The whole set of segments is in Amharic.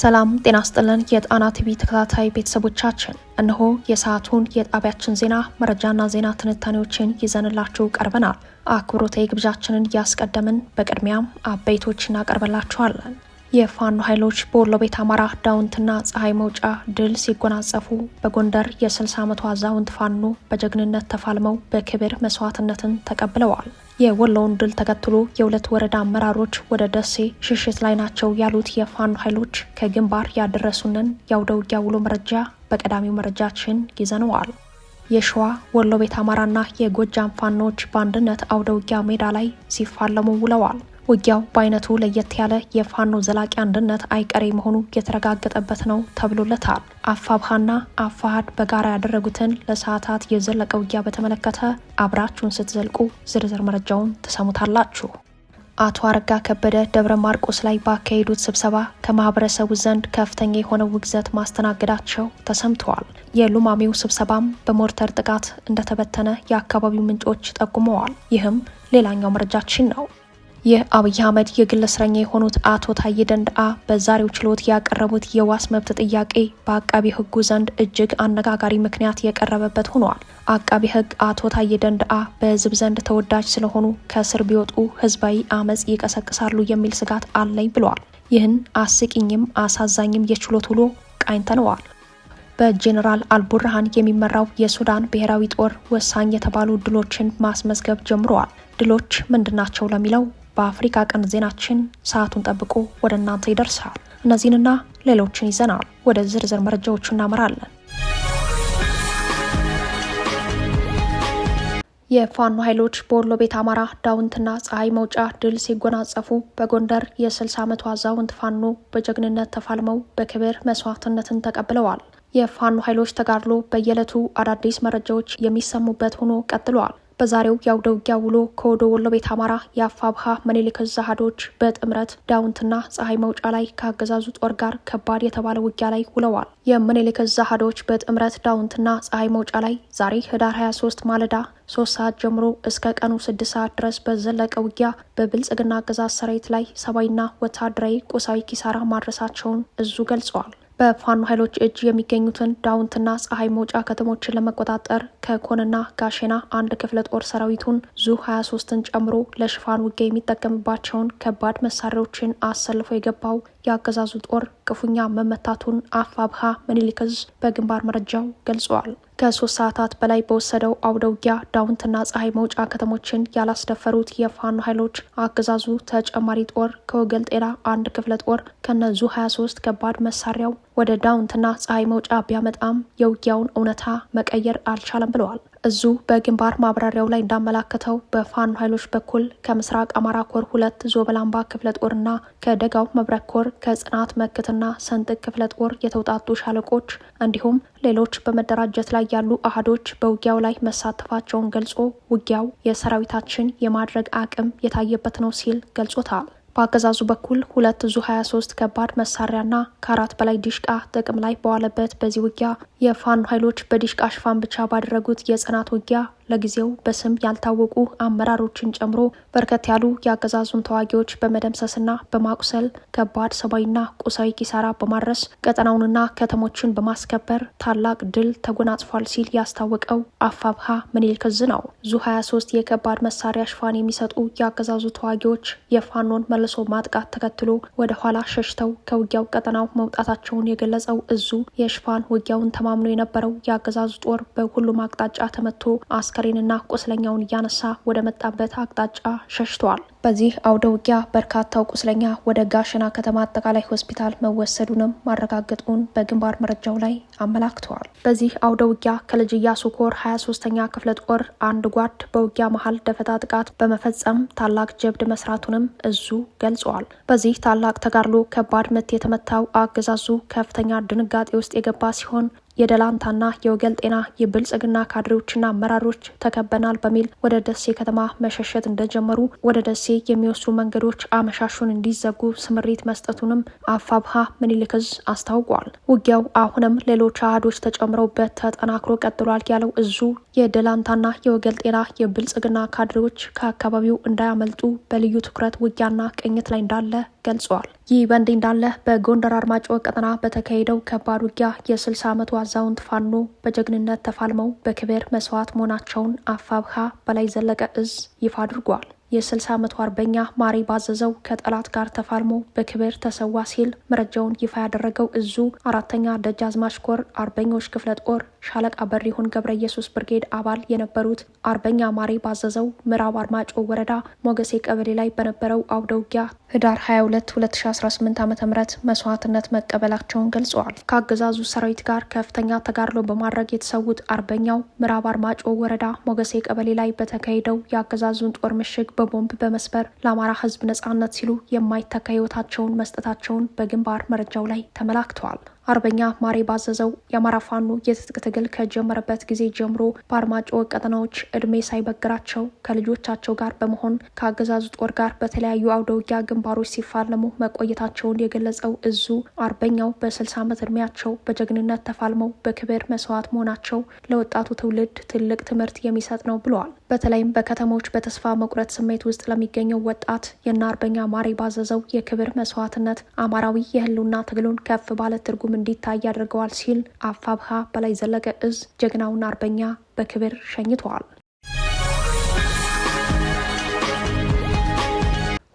ሰላም ጤና ስጥልን። የጣና ቲቪ ተከታታይ ቤተሰቦቻችን እነሆ የሰዓቱን የጣቢያችን ዜና መረጃና ዜና ትንታኔዎችን ይዘንላችሁ ቀርበናል። አክብሮታዊ ግብዣችንን እያስቀደምን በቅድሚያም አበይቶች እናቀርበላችኋለን። የፋኖ ኃይሎች በወሎ ቤት አማራ ዳውንትና ፀሐይ መውጫ ድል ሲጎናጸፉ በጎንደር የ60 ዓመቱ አዛውንት ፋኖ በጀግንነት ተፋልመው በክብር መስዋዕትነትን ተቀብለዋል። የወሎውን ድል ተከትሎ የሁለት ወረዳ አመራሮች ወደ ደሴ ሽሽት ላይ ናቸው ያሉት የፋኖ ኃይሎች ከግንባር ያደረሱንን የአውደ ውጊያ ውሎ መረጃ በቀዳሚው መረጃችን ይዘነዋል። የሸዋ ወሎ ቤት አማራና የጎጃም ፋኖች በአንድነት አውደ ውጊያ ሜዳ ላይ ሲፋለሙ ውለዋል። ውጊያው በአይነቱ ለየት ያለ የፋኖ ዘላቂ አንድነት አይቀሬ መሆኑ የተረጋገጠበት ነው ተብሎለታል። አፋብሃና አፋሃድ በጋራ ያደረጉትን ለሰዓታት የዘለቀ ውጊያ በተመለከተ አብራችሁን ስትዘልቁ ዝርዝር መረጃውን ትሰሙታላችሁ። አቶ አረጋ ከበደ ደብረ ማርቆስ ላይ ባካሄዱት ስብሰባ ከማህበረሰቡ ዘንድ ከፍተኛ የሆነ ውግዘት ማስተናገዳቸው ተሰምተዋል። የሉማሜው ስብሰባም በሞርተር ጥቃት እንደተበተነ የአካባቢው ምንጮች ጠቁመዋል። ይህም ሌላኛው መረጃችን ነው። የአብይ አህመድ የግል እስረኛ የሆኑት አቶ ታዬ ደንደአ በዛሬው ችሎት ያቀረቡት የዋስ መብት ጥያቄ በአቃቢ ሕጉ ዘንድ እጅግ አነጋጋሪ ምክንያት የቀረበበት ሆኗል። አቃቢ ሕግ አቶ ታዬ ደንደአ በሕዝብ ዘንድ ተወዳጅ ስለሆኑ ከእስር ቢወጡ ሕዝባዊ አመፅ ይቀሰቅሳሉ የሚል ስጋት አለኝ ብለዋል። ይህን አስቂኝም አሳዛኝም የችሎት ውሎ ቃኝተነዋል። በጄኔራል አልቡርሃን የሚመራው የሱዳን ብሔራዊ ጦር ወሳኝ የተባሉ ድሎችን ማስመዝገብ ጀምረዋል። ድሎች ምንድናቸው? ለሚለው በአፍሪካ ቀንድ ዜናችን ሰዓቱን ጠብቆ ወደ እናንተ ይደርሳል። እነዚህንና ሌሎችን ይዘናል። ወደ ዝርዝር መረጃዎቹ እናመራለን። የፋኖ ኃይሎች በወሎ ቤት አማራ ዳውንትና ፀሐይ መውጫ ድል ሲጎናጸፉ በጎንደር የ60 ዓመቱ አዛውንት ፋኖ በጀግንነት ተፋልመው በክብር መስዋዕትነትን ተቀብለዋል። የፋኖ ኃይሎች ተጋድሎ በየዕለቱ አዳዲስ መረጃዎች የሚሰሙበት ሆኖ ቀጥለዋል። በዛሬው የአውደ ውጊያ ውሎ ከወደ ወሎ ቤት አማራ የአፋብሃ መኔሊክ ዛሃዶች በጥምረት ዳውንትና ፀሐይ መውጫ ላይ ከአገዛዙ ጦር ጋር ከባድ የተባለ ውጊያ ላይ ውለዋል። የመኔሊክ ዛሃዶች በጥምረት ዳውንትና ፀሐይ መውጫ ላይ ዛሬ ህዳር 23 ማለዳ ሶስት ሰዓት ጀምሮ እስከ ቀኑ ስድስት ሰዓት ድረስ በዘለቀ ውጊያ በብልጽግና አገዛዝ ሰራዊት ላይ ሰብአዊና ወታደራዊ ቁሳዊ ኪሳራ ማድረሳቸውን እዙ ገልጸዋል። በፋኖ ኃይሎች እጅ የሚገኙትን ዳውንትና ፀሐይ መውጫ ከተሞችን ለመቆጣጠር ከኮንና ጋሼና አንድ ክፍለ ጦር ሰራዊቱን ዙ 23ን ጨምሮ ለሽፋን ውጊያ የሚጠቀምባቸውን ከባድ መሳሪያዎችን አሰልፎ የገባው የአገዛዙ ጦር ክፉኛ መመታቱን አፋብሃ ምኒልክዝ በግንባር መረጃው ገልጸዋል። ከሶስት ሰዓታት በላይ በወሰደው አውደ ውጊያ ዳውንትና ፀሐይ መውጫ ከተሞችን ያላስደፈሩት የፋኖ ኃይሎች አገዛዙ ተጨማሪ ጦር ከወገል ጤና አንድ ክፍለ ጦር ከነዙ 23 ከባድ መሳሪያው ወደ ዳውንትና ፀሐይ መውጫ ቢያመጣም የውጊያውን እውነታ መቀየር አልቻለም ብለዋል። እዙ በግንባር ማብራሪያው ላይ እንዳመላከተው በፋኖ ኃይሎች በኩል ከምስራቅ አማራ ኮር ሁለት ዞበላምባ ክፍለ ጦርና ከደጋው መብረክ ኮር ከጽናት መክትና ሰንጥቅ ክፍለ ጦር የተውጣጡ ሻለቆች እንዲሁም ሌሎች በመደራጀት ላይ ያሉ አህዶች በውጊያው ላይ መሳተፋቸውን ገልጾ ውጊያው የሰራዊታችን የማድረግ አቅም የታየበት ነው ሲል ገልጾታል። በአገዛዙ በኩል ሁለት ዙ 23 ከባድ መሳሪያና ከአራት በላይ ዲሽቃ ጥቅም ላይ በዋለበት በዚህ ውጊያ የፋኖ ኃይሎች በዲሽቃ ሽፋን ብቻ ባደረጉት የጽናት ውጊያ ለጊዜው በስም ያልታወቁ አመራሮችን ጨምሮ በርከት ያሉ የአገዛዙን ተዋጊዎች በመደምሰስና በማቁሰል ከባድ ሰብአዊና ቁሳዊ ኪሳራ በማድረስ ቀጠናውንና ከተሞችን በማስከበር ታላቅ ድል ተጎናጽፏል ሲል ያስታወቀው አፋብሃ ምኒልክ ዕዝ ነው። ዙ 23 የከባድ መሳሪያ ሽፋን የሚሰጡ የአገዛዙ ተዋጊዎች የፋኖን መልሶ ማጥቃት ተከትሎ ወደ ኋላ ሸሽተው ከውጊያው ቀጠናው መውጣታቸውን የገለጸው እዙ የሽፋን ውጊያውን ተማምኖ የነበረው የአገዛዙ ጦር በሁሉም አቅጣጫ ተመቶ አስ አስከሬንና ቁስለኛውን እያነሳ ወደ መጣበት አቅጣጫ ሸሽተዋል። በዚህ አውደ ውጊያ በርካታው ቁስለኛ ወደ ጋሸና ከተማ አጠቃላይ ሆስፒታል መወሰዱንም ማረጋገጡን በግንባር መረጃው ላይ አመላክተዋል። በዚህ አውደ ውጊያ ከልጅ ኢያሱ ኮር 23ኛ ክፍለ ጦር አንድ ጓድ በውጊያ መሀል ደፈጣ ጥቃት በመፈጸም ታላቅ ጀብድ መስራቱንም እዙ ገልጸዋል። በዚህ ታላቅ ተጋድሎ ከባድ ምት የተመታው አገዛዙ ከፍተኛ ድንጋጤ ውስጥ የገባ ሲሆን የደላንታና የወገል ጤና የብልጽግና ካድሬዎችና አመራሮች ተከበናል በሚል ወደ ደሴ ከተማ መሸሸት እንደጀመሩ ወደ ደሴ የሚወስዱ መንገዶች አመሻሹን እንዲዘጉ ስምሪት መስጠቱንም አፋብሃ ምኒልክዝ አስታውቋል። ውጊያው አሁንም ሌሎች አህዶች ተጨምረውበት ተጠናክሮ ቀጥሏል ያለው እዙ የደላንታና የወገል ጤና የብልጽግና ካድሬዎች ከአካባቢው እንዳያመልጡ በልዩ ትኩረት ውጊያና ቅኝት ላይ እንዳለ ገልጿል። ይህ በእንዲህ እንዳለ በጎንደር አርማጮ ቀጠና በተካሄደው ከባድ ውጊያ የ60 ዓመቱ አዛውንት ፋኖ በጀግንነት ተፋልመው በክብር መስዋዕት መሆናቸውን አፋብሃ በላይ ዘለቀ እዝ ይፋ አድርጓል። የ60 ዓመቱ አርበኛ ማሪ ባዘዘው ከጠላት ጋር ተፋልሞ በክብር ተሰዋ ሲል መረጃውን ይፋ ያደረገው እዙ አራተኛ ደጃዝማች ኮር አርበኞች ክፍለ ጦር ሻለቃ በሪሁን ገብረ ኢየሱስ ብርጌድ አባል የነበሩት አርበኛ ማሬ ባዘዘው ምዕራብ አርማጮ ወረዳ ሞገሴ ቀበሌ ላይ በነበረው አውደ ውጊያ ህዳር 22 2018 ዓ ም መስዋዕትነት መቀበላቸውን ገልጸዋል። ከአገዛዙ ሰራዊት ጋር ከፍተኛ ተጋድሎ በማድረግ የተሰዉት አርበኛው ምዕራብ አርማጮ ወረዳ ሞገሴ ቀበሌ ላይ በተካሄደው የአገዛዙን ጦር ምሽግ በቦምብ በመስበር ለአማራ ህዝብ ነጻነት ሲሉ የማይተካ ህይወታቸውን መስጠታቸውን በግንባር መረጃው ላይ ተመላክተዋል። አርበኛ ማሬ ባዘዘው የአማራ ፋኖ የትጥቅ ትግል ከጀመረበት ጊዜ ጀምሮ በአርማጭ ቀጠናዎች እድሜ ሳይበግራቸው ከልጆቻቸው ጋር በመሆን ከአገዛዙ ጦር ጋር በተለያዩ አውደውጊያ ግንባሮች ሲፋለሙ መቆየታቸውን የገለጸው እዙ አርበኛው በስልሳ ዓመት እድሜያቸው በጀግንነት ተፋልመው በክብር መስዋዕት መሆናቸው ለወጣቱ ትውልድ ትልቅ ትምህርት የሚሰጥ ነው ብለዋል። በተለይም በከተሞች በተስፋ መቁረጥ ስሜት ውስጥ ለሚገኘው ወጣት የእነ አርበኛ ማሬ ባዘዘው የክብር መስዋዕትነት አማራዊ የህልውና ትግሉን ከፍ ባለ ትርጉም ሁሉም እንዲታይ ያደርገዋል ሲል አፋብሃ በላይ ዘለቀ እዝ ጀግናውን አርበኛ በክብር ሸኝተዋል።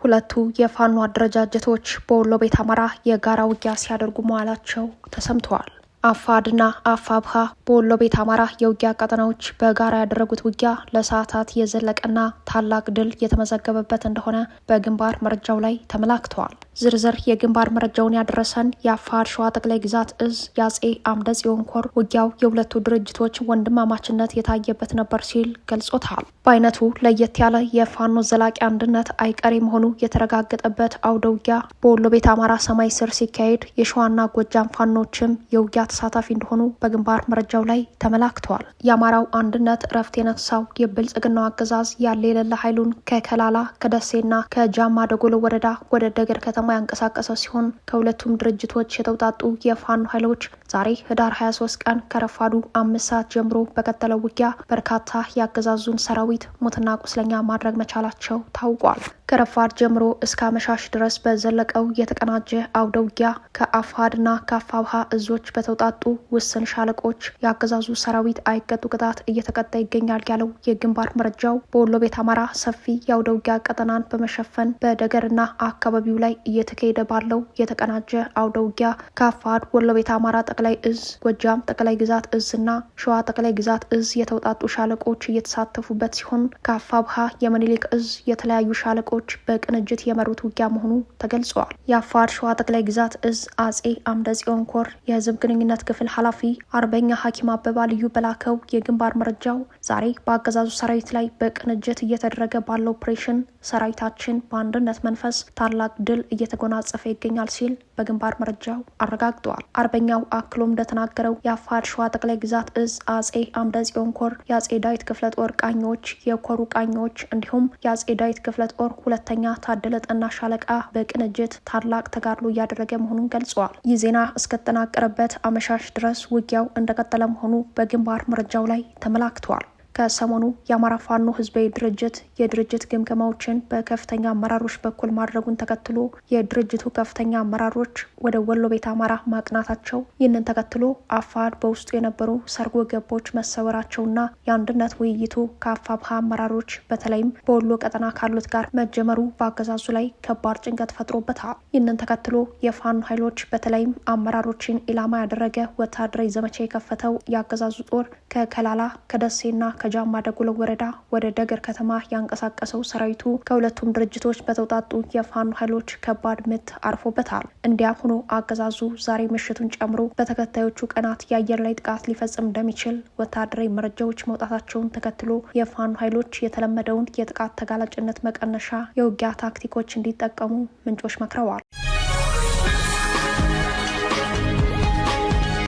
ሁለቱ የፋኖ አደረጃጀቶች በወሎ ቤት አማራ የጋራ ውጊያ ሲያደርጉ መዋላቸው ተሰምተዋል። አፋድና አፋብሃ በወሎ ቤት አማራ የውጊያ ቀጠናዎች በጋራ ያደረጉት ውጊያ ለሰዓታት የዘለቀና ታላቅ ድል የተመዘገበበት እንደሆነ በግንባር መረጃው ላይ ተመላክተዋል። ዝርዝር የግንባር መረጃውን ያደረሰን የአፋድ ሸዋ ጠቅላይ ግዛት እዝ የአጼ አምደ ጽዮን ኮር ውጊያው የሁለቱ ድርጅቶች ወንድማማችነት የታየበት ነበር ሲል ገልጾታል። በአይነቱ ለየት ያለ የፋኖ ዘላቂ አንድነት አይቀሬ መሆኑ የተረጋገጠበት አውደ ውጊያ በወሎ ቤት አማራ ሰማይ ስር ሲካሄድ የሸዋና ጎጃም ፋኖችም የውጊያ ተሳታፊ እንደሆኑ በግንባር መረጃው ላይ ተመላክተዋል። የአማራው አንድነት እረፍት የነሳው የብልጽግናው አገዛዝ ያለ የሌለ ኃይሉን ከከላላ ከደሴና ከጃማ ደጎሎ ወረዳ ወደ ደገር ከተማ ያንቀሳቀሰ ሲሆን ከሁለቱም ድርጅቶች የተውጣጡ የፋኖ ኃይሎች ዛሬ ህዳር 23 ቀን ከረፋዱ አምስት ሰዓት ጀምሮ በቀጠለው ውጊያ በርካታ የአገዛዙን ሰራዊት ሞትና ቁስለኛ ማድረግ መቻላቸው ታውቋል። ከረፋድ ጀምሮ እስከ አመሻሽ ድረስ በዘለቀው የተቀናጀ አውደ ውጊያ ከአፋድና ከአፋብሃ እዞች በተውጣጡ ውስን ሻለቆች የአገዛዙ ሰራዊት አይቀጡ ቅጣት እየተቀጣ ይገኛል ያለው የግንባር መረጃው በወሎ ቤት አማራ ሰፊ የአውደ ውጊያ ቀጠናን በመሸፈን በደገርና አካባቢው ላይ እየተካሄደ ባለው የተቀናጀ አውደ ውጊያ ከአፋድ ወሎ ቤት አማራ ጠቅላይ እዝ፣ ጎጃም ጠቅላይ ግዛት እዝ እና ሸዋ ጠቅላይ ግዛት እዝ የተውጣጡ ሻለቆች እየተሳተፉበት ሲሆን ከአፋብሃ የምኒልክ እዝ የተለያዩ ሻለቆች በቅንጅት የመሩት ውጊያ መሆኑ ተገልጸዋል። የአፋር ሸዋ ጠቅላይ ግዛት እዝ አጼ አምደ ኮር የህዝብ ግንኙነት ክፍል ኃላፊ አርበኛ ሐኪም አበባ ልዩ በላከው የግንባር መረጃው ዛሬ በአገዛዙ ሰራዊት ላይ በቅንጅት እየተደረገ ባለው ኦፕሬሽን ሰራዊታችን በአንድነት መንፈስ ታላቅ ድል እየተጎናጸፈ ይገኛል ሲል በግንባር መረጃው አረጋግጠዋል። አርበኛው አክሎም እንደተናገረው የአፋር ሸዋ ጠቅላይ ግዛት እዝ አጼ አምደጽዮን ኮር የአጼ ዳዊት ክፍለ ጦር ቃኞች፣ የኮሩ ቃኞች እንዲሁም የአጼ ዳዊት ክፍለ ጦር ሁለተኛ ታደለ ጠና ሻለቃ በቅንጅት ታላቅ ተጋድሎ እያደረገ መሆኑን ገልጸዋል። ይህ ዜና እስከተጠናቀረበት አመሻሽ ድረስ ውጊያው እንደቀጠለ መሆኑ በግንባር መረጃው ላይ ተመላክተዋል። ከሰሞኑ የአማራ ፋኖ ህዝባዊ ድርጅት የድርጅት ግምገማዎችን በከፍተኛ አመራሮች በኩል ማድረጉን ተከትሎ የድርጅቱ ከፍተኛ አመራሮች ወደ ወሎ ቤት አማራ ማቅናታቸው፣ ይህንን ተከትሎ አፋድ በውስጡ የነበሩ ሰርጎ ገቦች መሰወራቸውና የአንድነት ውይይቱ ከአፋብሃ አመራሮች በተለይም በወሎ ቀጠና ካሉት ጋር መጀመሩ በአገዛዙ ላይ ከባድ ጭንቀት ፈጥሮበታል። ይህንን ተከትሎ የፋኖ ኃይሎች በተለይም አመራሮችን ኢላማ ያደረገ ወታደራዊ ዘመቻ የከፈተው የአገዛዙ ጦር ከከላላ ከደሴና ከ ከጃማ ደጉሎ ወረዳ ወደ ደገር ከተማ ያንቀሳቀሰው ሰራዊቱ ከሁለቱም ድርጅቶች በተውጣጡ የፋኖ ኃይሎች ከባድ ምት አርፎበታል። እንዲያም ሆኖ አገዛዙ ዛሬ ምሽቱን ጨምሮ በተከታዮቹ ቀናት የአየር ላይ ጥቃት ሊፈጽም እንደሚችል ወታደራዊ መረጃዎች መውጣታቸውን ተከትሎ የፋኖ ኃይሎች የተለመደውን የጥቃት ተጋላጭነት መቀነሻ የውጊያ ታክቲኮች እንዲጠቀሙ ምንጮች መክረዋል።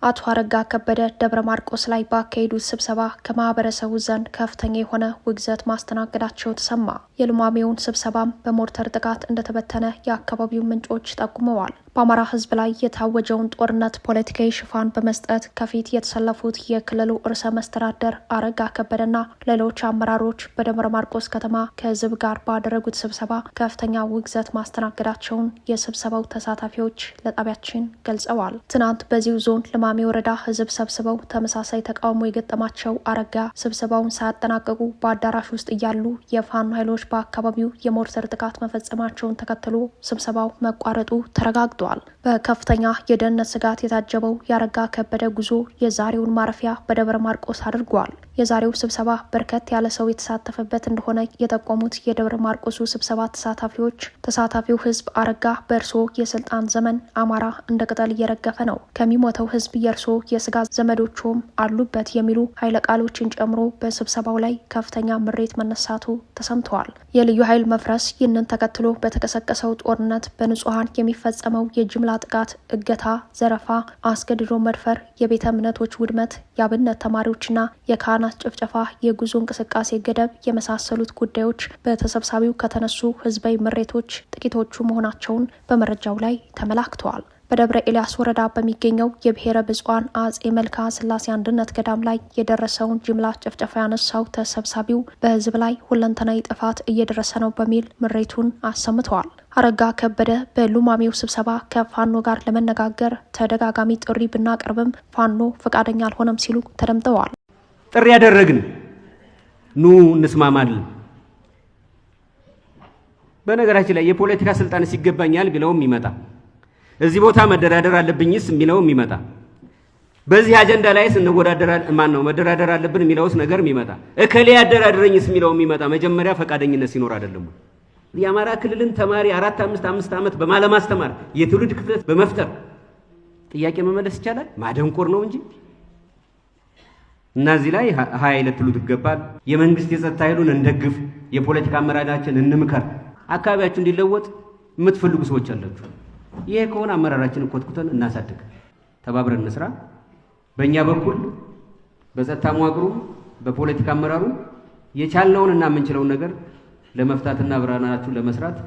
አቶ አረጋ ከበደ ደብረ ማርቆስ ላይ ባካሄዱት ስብሰባ ከማህበረሰቡ ዘንድ ከፍተኛ የሆነ ውግዘት ማስተናገዳቸው ተሰማ። የልማሜውን ስብሰባም በሞርተር ጥቃት እንደተበተነ የአካባቢው ምንጮች ጠቁመዋል። በአማራ ሕዝብ ላይ የታወጀውን ጦርነት ፖለቲካዊ ሽፋን በመስጠት ከፊት የተሰለፉት የክልሉ ርዕሰ መስተዳደር አረጋ ከበደና ሌሎች አመራሮች በደብረ ማርቆስ ከተማ ከሕዝብ ጋር ባደረጉት ስብሰባ ከፍተኛ ውግዘት ማስተናገዳቸውን የስብሰባው ተሳታፊዎች ለጣቢያችን ገልጸዋል። ትናንት በዚሁ ዞን ልማ የማሜ ወረዳ ህዝብ ሰብስበው ተመሳሳይ ተቃውሞ የገጠማቸው አረጋ ስብሰባውን ሳያጠናቀቁ በአዳራሽ ውስጥ እያሉ የፋኖ ኃይሎች በአካባቢው የሞርተር ጥቃት መፈጸማቸውን ተከትሎ ስብሰባው መቋረጡ ተረጋግጧል። በከፍተኛ የደህንነት ስጋት የታጀበው የአረጋ ከበደ ጉዞ የዛሬውን ማረፊያ በደብረ ማርቆስ አድርጓል። የዛሬው ስብሰባ በርከት ያለ ሰው የተሳተፈበት እንደሆነ የጠቆሙት የደብረ ማርቆሱ ስብሰባ ተሳታፊዎች ተሳታፊው ህዝብ አረጋ በእርሶ የስልጣን ዘመን አማራ እንደ ቅጠል እየረገፈ ነው ከሚሞተው ህዝብ የእርስዎ የስጋ ዘመዶችም አሉበት የሚሉ ኃይለ ቃሎችን ጨምሮ በስብሰባው ላይ ከፍተኛ ምሬት መነሳቱ ተሰምተዋል። የልዩ ኃይል መፍረስ፣ ይህንን ተከትሎ በተቀሰቀሰው ጦርነት በንጹሐን የሚፈጸመው የጅምላ ጥቃት፣ እገታ፣ ዘረፋ፣ አስገድዶ መድፈር፣ የቤተ እምነቶች ውድመት፣ የአብነት ተማሪዎችና የካህናት ጭፍጨፋ፣ የጉዞ እንቅስቃሴ ገደብ የመሳሰሉት ጉዳዮች በተሰብሳቢው ከተነሱ ህዝባዊ ምሬቶች ጥቂቶቹ መሆናቸውን በመረጃው ላይ ተመላክተዋል። በደብረ ኤልያስ ወረዳ በሚገኘው የብሔረ ብፁዓን አጼ መልክዓ ስላሴ አንድነት ገዳም ላይ የደረሰውን ጅምላ ጭፍጨፋ ያነሳው ተሰብሳቢው በሕዝብ ላይ ሁለንተናዊ ጥፋት እየደረሰ ነው በሚል ምሬቱን አሰምተዋል። አረጋ ከበደ በሉማሜው ስብሰባ ከፋኖ ጋር ለመነጋገር ተደጋጋሚ ጥሪ ብናቀርብም ፋኖ ፈቃደኛ አልሆነም ሲሉ ተደምጠዋል። ጥሪ ያደረግን ኑ እንስማማለን። በነገራችን ላይ የፖለቲካ ስልጣን ሲገባኛል ብለውም ይመጣ እዚህ ቦታ መደራደር አለብኝስ የሚለው የሚመጣ በዚህ አጀንዳ ላይስ እንወዳደር ማን ነው መደራደር አለብን የሚለውስ ነገር የሚመጣ እከሌ ያደራደረኝስ የሚለው የሚመጣ መጀመሪያ ፈቃደኝነት ሲኖር አይደለም የአማራ ክልልን ተማሪ አራት አምስት አምስት ዓመት በማለማስተማር የትውልድ ክፍተት በመፍጠር ጥያቄ መመለስ ይቻላል። ማደንቆር ነው እንጂ እና እዚህ ላይ ሀይ ልትሉት ይገባል። የመንግስት የጸጥታ ኃይሉን እንደግፍ፣ የፖለቲካ አመራዳችን እንምከር። አካባቢያችሁ እንዲለወጥ የምትፈልጉ ሰዎች አላችሁ። ይሄ ከሆነ አመራራችን ኮትኩተን እናሳድግ፣ ተባብረን እንስራ። በእኛ በኩል በጸጥታ መዋቅሩ፣ በፖለቲካ አመራሩ የቻልነውን እና የምንችለውን ነገር ለመፍታትና ብርሃናችሁን ለመስራት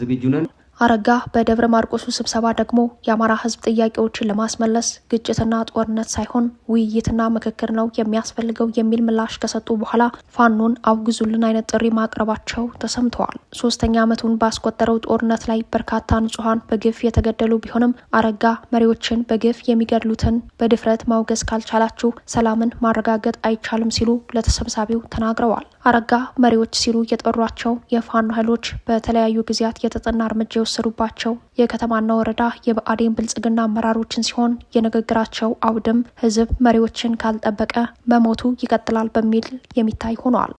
ዝግጁ ነን። አረጋ በደብረ ማርቆሱ ስብሰባ ደግሞ የአማራ ህዝብ ጥያቄዎችን ለማስመለስ ግጭትና ጦርነት ሳይሆን ውይይትና ምክክር ነው የሚያስፈልገው የሚል ምላሽ ከሰጡ በኋላ ፋኖን አውግዙልን አይነት ጥሪ ማቅረባቸው ተሰምተዋል። ሶስተኛ ዓመቱን ባስቆጠረው ጦርነት ላይ በርካታ ንጹሐን በግፍ የተገደሉ ቢሆንም አረጋ መሪዎችን በግፍ የሚገድሉትን በድፍረት ማውገዝ ካልቻላችሁ ሰላምን ማረጋገጥ አይቻልም ሲሉ ለተሰብሳቢው ተናግረዋል። አረጋ መሪዎች ሲሉ የጠሯቸው የፋኖ ኃይሎች በተለያዩ ጊዜያት የተጠና እርምጃ የወሰዱባቸው የከተማና ወረዳ የብአዴን ብልጽግና አመራሮችን ሲሆን የንግግራቸው አውድም ህዝብ መሪዎችን ካልጠበቀ መሞቱ ይቀጥላል በሚል የሚታይ ሆኗል።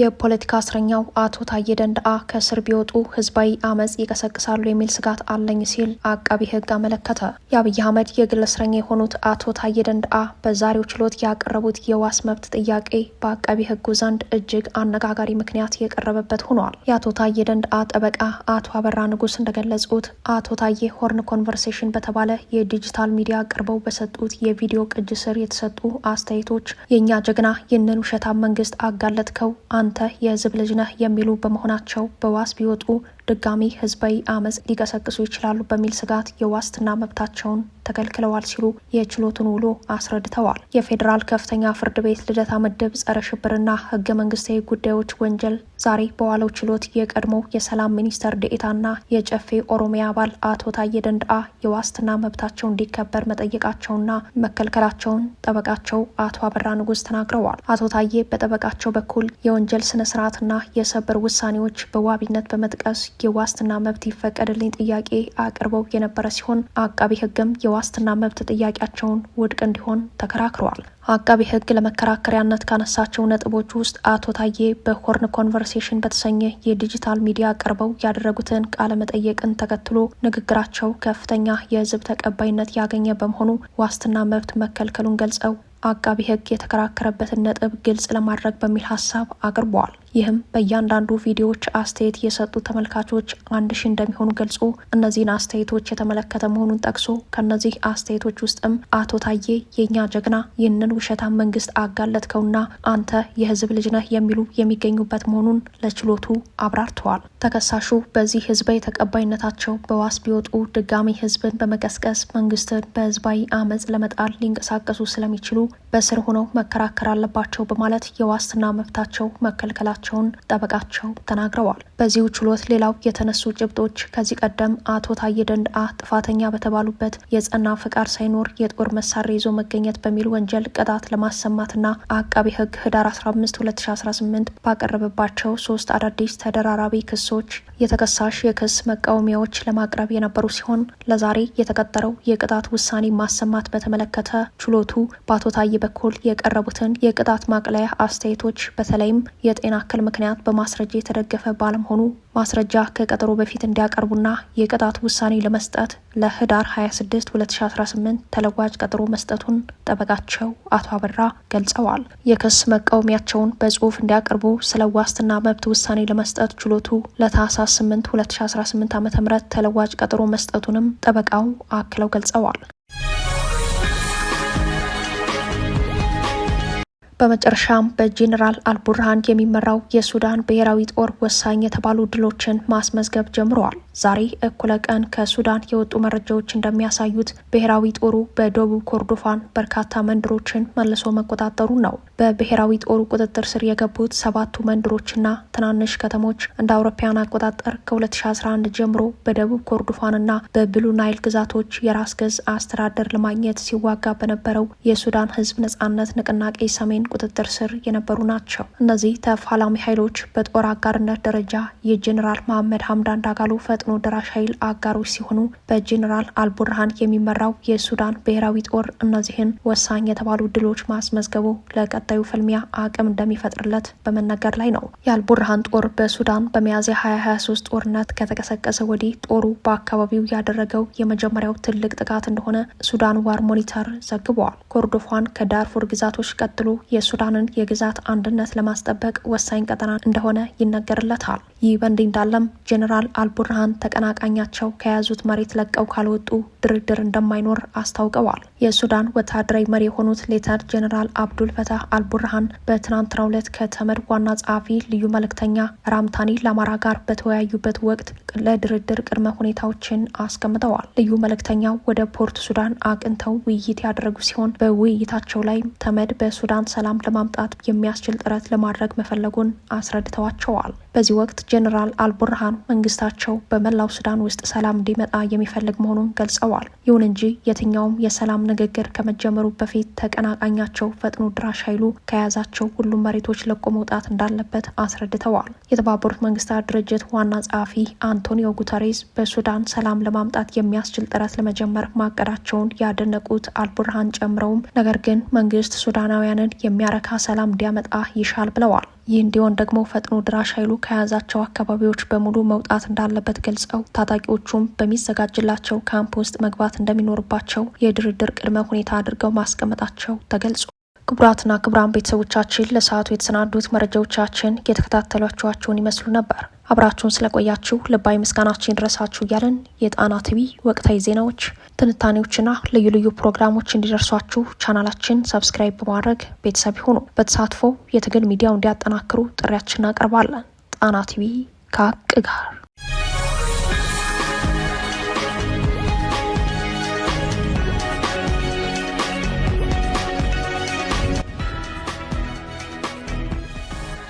የፖለቲካ እስረኛው አቶ ታዬ ደንደአ ከእስር ቢወጡ ህዝባዊ አመፅ ይቀሰቅሳሉ የሚል ስጋት አለኝ ሲል አቃቢ ህግ አመለከተ። የአብይ አህመድ የግል እስረኛ የሆኑት አቶ ታዬ ደንደአ በዛሬው ችሎት ያቀረቡት የዋስ መብት ጥያቄ በአቃቢ ህጉ ዘንድ እጅግ አነጋጋሪ ምክንያት የቀረበበት ሆኗል። የአቶ ታዬ ደንደአ ጠበቃ አቶ አበራ ንጉስ እንደገለጹት አቶ ታዬ ሆርን ኮንቨርሴሽን በተባለ የዲጂታል ሚዲያ ቀርበው በሰጡት የቪዲዮ ቅጅ ስር የተሰጡ አስተያየቶች የእኛ ጀግና ይህንን ውሸታም መንግስት አጋለጥከው አንተ የህዝብ ልጅ ነህ የሚሉ በመሆናቸው በዋስ ቢወጡ ድጋሚ ህዝባዊ አመፅ ሊቀሰቅሱ ይችላሉ በሚል ስጋት የዋስትና መብታቸውን ተከልክለዋል ሲሉ የችሎቱን ውሎ አስረድተዋል። የፌዴራል ከፍተኛ ፍርድ ቤት ልደታ ምድብ ጸረ ሽብርና ህገ መንግስታዊ ጉዳዮች ወንጀል ዛሬ በዋለው ችሎት የቀድሞ የሰላም ሚኒስተር ዴኤታና የጨፌ ኦሮሚያ አባል አቶ ታዬ ደንድአ የዋስትና መብታቸው እንዲከበር መጠየቃቸውና መከልከላቸውን ጠበቃቸው አቶ አበራ ንጉስ ተናግረዋል። አቶ ታዬ በጠበቃቸው በኩል የወንጀል ስነ ስርዓትና የሰበር ውሳኔዎች በዋቢነት በመጥቀስ የዋስትና መብት ይፈቀድልኝ ጥያቄ አቅርበው የነበረ ሲሆን አቃቢ ሕግም የዋስትና መብት ጥያቄያቸውን ውድቅ እንዲሆን ተከራክረዋል። አቃቢ ሕግ ለመከራከሪያነት ካነሳቸው ነጥቦች ውስጥ አቶ ታዬ በሆርን ኮንቨርሴሽን በተሰኘ የዲጂታል ሚዲያ ቀርበው ያደረጉትን ቃለ መጠየቅን ተከትሎ ንግግራቸው ከፍተኛ የህዝብ ተቀባይነት ያገኘ በመሆኑ ዋስትና መብት መከልከሉን ገልጸው አቃቢ ሕግ የተከራከረበትን ነጥብ ግልጽ ለማድረግ በሚል ሀሳብ አቅርበዋል። ይህም በእያንዳንዱ ቪዲዮዎች አስተያየት የሰጡ ተመልካቾች አንድ ሺ እንደሚሆኑ ገልጾ እነዚህን አስተያየቶች የተመለከተ መሆኑን ጠቅሶ ከእነዚህ አስተያየቶች ውስጥም አቶ ታዬ የእኛ ጀግና ይህንን ውሸታም መንግስት አጋለጥከውና አንተ የህዝብ ልጅ ነህ የሚሉ የሚገኙበት መሆኑን ለችሎቱ አብራርተዋል። ተከሳሹ በዚህ ህዝባዊ ተቀባይነታቸው በዋስ ቢወጡ ድጋሚ ህዝብን በመቀስቀስ መንግስትን በህዝባዊ አመፅ ለመጣል ሊንቀሳቀሱ ስለሚችሉ በስር ሆነው መከራከር አለባቸው በማለት የዋስትና መብታቸው መከልከላቸው መሆናቸውን ጠበቃቸው ተናግረዋል። በዚሁ ችሎት ሌላው የተነሱ ጭብጦች ከዚህ ቀደም አቶ ታዬ ደንደአ ጥፋተኛ በተባሉበት የጸና ፍቃድ ሳይኖር የጦር መሳሪያ ይዞ መገኘት በሚል ወንጀል ቅጣት ለማሰማትና አቃቢ ሕግ ህዳር 15 2018 ባቀረበባቸው ሶስት አዳዲስ ተደራራቢ ክሶች የተከሳሽ የክስ መቃወሚያዎች ለማቅረብ የነበሩ ሲሆን ለዛሬ የተቀጠረው የቅጣት ውሳኔ ማሰማት በተመለከተ ችሎቱ በአቶ ታዬ በኩል የቀረቡትን የቅጣት ማቅለያ አስተያየቶች በተለይም የጤና እክል ምክንያት በማስረጃ የተደገፈ ባለመሆኑ ማስረጃ ከቀጠሮ በፊት እንዲያቀርቡና የቅጣት ውሳኔ ለመስጠት ለህዳር 26 2018 ተለዋጭ ቀጠሮ መስጠቱን ጠበቃቸው አቶ አበራ ገልጸዋል። የክስ መቃወሚያቸውን በጽሁፍ እንዲያቀርቡ ስለ ዋስትና መብት ውሳኔ ለመስጠት ችሎቱ ለታህሳስ 8 2018 ዓ ም ተለዋጭ ቀጠሮ መስጠቱንም ጠበቃው አክለው ገልጸዋል። በመጨረሻም በጄኔራል አልቡርሃን የሚመራው የሱዳን ብሔራዊ ጦር ወሳኝ የተባሉ ድሎችን ማስመዝገብ ጀምረዋል። ዛሬ እኩለ ቀን ከሱዳን የወጡ መረጃዎች እንደሚያሳዩት ብሔራዊ ጦሩ በደቡብ ኮርዶፋን በርካታ መንደሮችን መልሶ መቆጣጠሩ ነው። በብሔራዊ ጦሩ ቁጥጥር ስር የገቡት ሰባቱ መንደሮችና ትናንሽ ከተሞች እንደ አውሮፓውያን አቆጣጠር ከ2011 ጀምሮ በደቡብ ኮርዱፋንና በብሉ ናይል ግዛቶች የራስ ገዝ አስተዳደር ለማግኘት ሲዋጋ በነበረው የሱዳን ህዝብ ነጻነት ንቅናቄ ሰሜን ቁጥጥር ስር የነበሩ ናቸው። እነዚህ ተፋላሚ ኃይሎች በጦር አጋርነት ደረጃ የጄኔራል መሐመድ ሀምዳን ዳጋሎ ፈጥኖ ደራሽ ኃይል አጋሮች ሲሆኑ በጄኔራል አልቡርሃን የሚመራው የሱዳን ብሔራዊ ጦር እነዚህን ወሳኝ የተባሉ ድሎች ማስመዝገቡ ለቀጠ ቀጣዩ ፍልሚያ አቅም እንደሚፈጥርለት በመናገር ላይ ነው። የአልቡርሃን ጦር በሱዳን በሚያዝያ 2023 ጦርነት ከተቀሰቀሰ ወዲህ ጦሩ በአካባቢው ያደረገው የመጀመሪያው ትልቅ ጥቃት እንደሆነ ሱዳን ዋር ሞኒተር ዘግበዋል። ኮርዶፋን ከዳርፉር ግዛቶች ቀጥሎ የሱዳንን የግዛት አንድነት ለማስጠበቅ ወሳኝ ቀጠና እንደሆነ ይነገርለታል። ይህ በእንዲህ እንዳለም ጄኔራል አልቡርሃን ተቀናቃኛቸው ከያዙት መሬት ለቀው ካልወጡ ድርድር እንደማይኖር አስታውቀዋል። የሱዳን ወታደራዊ መሪ የሆኑት ሌተር ጄኔራል አብዱል ፈታህ አልቡርሃን በትናንትናው ዕለት ከተመድ ዋና ጸሐፊ ልዩ መልእክተኛ ራምታኒ ለአማራ ጋር በተወያዩበት ወቅት ለድርድር ቅድመ ሁኔታዎችን አስቀምጠዋል። ልዩ መልእክተኛው ወደ ፖርት ሱዳን አቅንተው ውይይት ያደረጉ ሲሆን በውይይታቸው ላይ ተመድ በሱዳን ሰላም ለማምጣት የሚያስችል ጥረት ለማድረግ መፈለጉን አስረድተዋቸዋል። በዚህ ወቅት ጀኔራል አልቡርሃን መንግስታቸው በመላው ሱዳን ውስጥ ሰላም እንዲመጣ የሚፈልግ መሆኑን ገልጸዋል። ይሁን እንጂ የትኛውም የሰላም ንግግር ከመጀመሩ በፊት ተቀናቃኛቸው ፈጥኖ ድራሽ ኃይሉ ከያዛቸው ሁሉም መሬቶች ለቆ መውጣት እንዳለበት አስረድተዋል። የተባበሩት መንግስታት ድርጅት ዋና ጸሐፊ አንቶኒዮ ጉተሬዝ በሱዳን ሰላም ለማምጣት የሚያስችል ጥረት ለመጀመር ማቀዳቸውን ያደነቁት አልቡርሃን ጨምረውም ነገር ግን መንግስት ሱዳናውያንን የሚያረካ ሰላም እንዲያመጣ ይሻል ብለዋል። ይህ እንዲሆን ደግሞ ፈጥኖ ድራሽ ኃይሉ ከያዛቸው አካባቢዎች በሙሉ መውጣት እንዳለበት ገልጸው ታጣቂዎቹም በሚዘጋጅላቸው ካምፕ ውስጥ መግባት እንደሚኖርባቸው የድርድር ቅድመ ሁኔታ አድርገው ማስቀመጣቸው ተገልጿል። ክቡራትና ክቡራን ቤተሰቦቻችን ለሰዓቱ የተሰናዱት መረጃዎቻችን የተከታተሏቸዋቸውን ይመስሉ ነበር። አብራችሁን ስለቆያችሁ ልባዊ ምስጋናችን ይድረሳችሁ እያለን የጣና ቲቪ ወቅታዊ ዜናዎች፣ ትንታኔዎችና ልዩ ልዩ ፕሮግራሞች እንዲደርሷችሁ ቻናላችን ሰብስክራይብ በማድረግ ቤተሰብ ይሁኑ። በተሳትፎ የትግል ሚዲያው እንዲያጠናክሩ ጥሪያችን እናቀርባለን። ጣና ቲቪ ከሀቅ ጋር